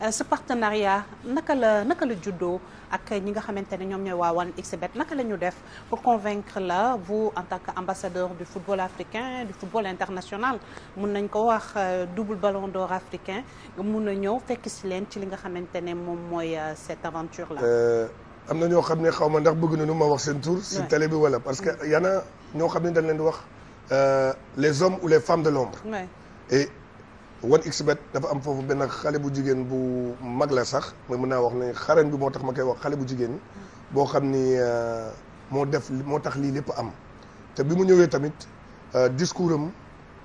Euh, ce partenariat naka la naka la juddoo ak ñi nga xamante ne ñoom ñooy waa 1xBet naka la ñu def pour convaincre la vous en tant que ambassadeur du football africain du football international mun nañ ko wax euh, double ballon d'or africain mun na ñëw fekk si leen ci li nga xamante ne moom mooy euh, cette aventure là. am na ñoo xam ne xaw ma ndax bëgg na nu ma wax seen tour si télé bi wala parce que mm. yana ñoo xam ne dañ leen di wax les hommes ou les femmes de l'ombre et wan xbet dafa am foofu benn xale bu jigéen bu mag la sax mais mën naa wax ne xaren bi moo tax ma koy wax xale bu jigéen boo xam ni euh, moo def moo tax lii lépp am te bi mu ñëwee tamit euh, discours am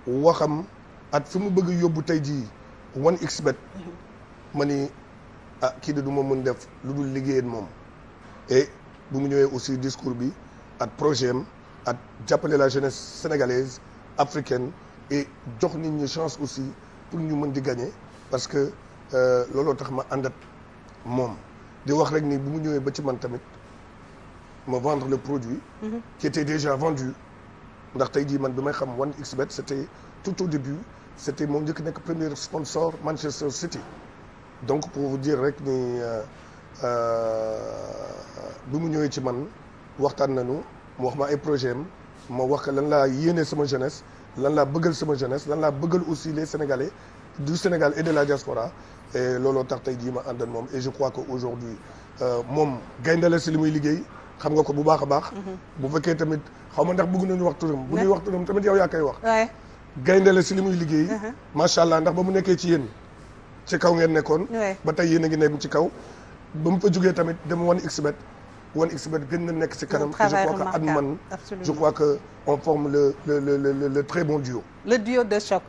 waxam at fi mu bëgg yóbbu tey jii wan xbet ma ni ah kii de du ma mën def lu dul liggéeyeen moom et bi mu ñëwee aussi discours bi at projet am at jàppale la jeunesse sénégalaise africaine et jox nit ñi chance aussi pour ñu mën di gagner parce que euh, looloo tax ma àndat moom di wax rek ni bu mu ñëwee ba ci man tamit ma vendre le produit mhm. qui déjà vendu ndax tey jii man bi may xam 1xBet c'était tout au début c'était moom njëkk nekk premier sponsor Manchester City donc pour vous dire rek ni euh, euh, bi mu ñëwee ci man waxtaan nañu mu wax ma ay projet ma wax lan laa yéene sama jeunesse lan laa bëggal sama jeunesse lan laa bëggal aussi les sénégalais du Sénégal et de la diaspora et looloo tax tey jii ma àndan moom et je crois que aujourd'hui euh, moom gaynde si li muy liggéey xam nga ko bu baax a baax. Mhm. bu fekkee tamit xaw ma ndax bëgg nañu wax turam. bu ñuy wax turam tamit yow yaa koy wax. gaynde la si li muy liggéey. Uh-huh. macha allah ndax ba mu nekkee ci yéen ci kaw ngeen nekkoon. ba tey yéen a ngi nekk ci kaw ba mu fa jógee tamit dama wan xbet One Xbet gën na nekk ci kanam. je crois que Adman je crois que on forme le le le le le très bon duo. le duo de choc.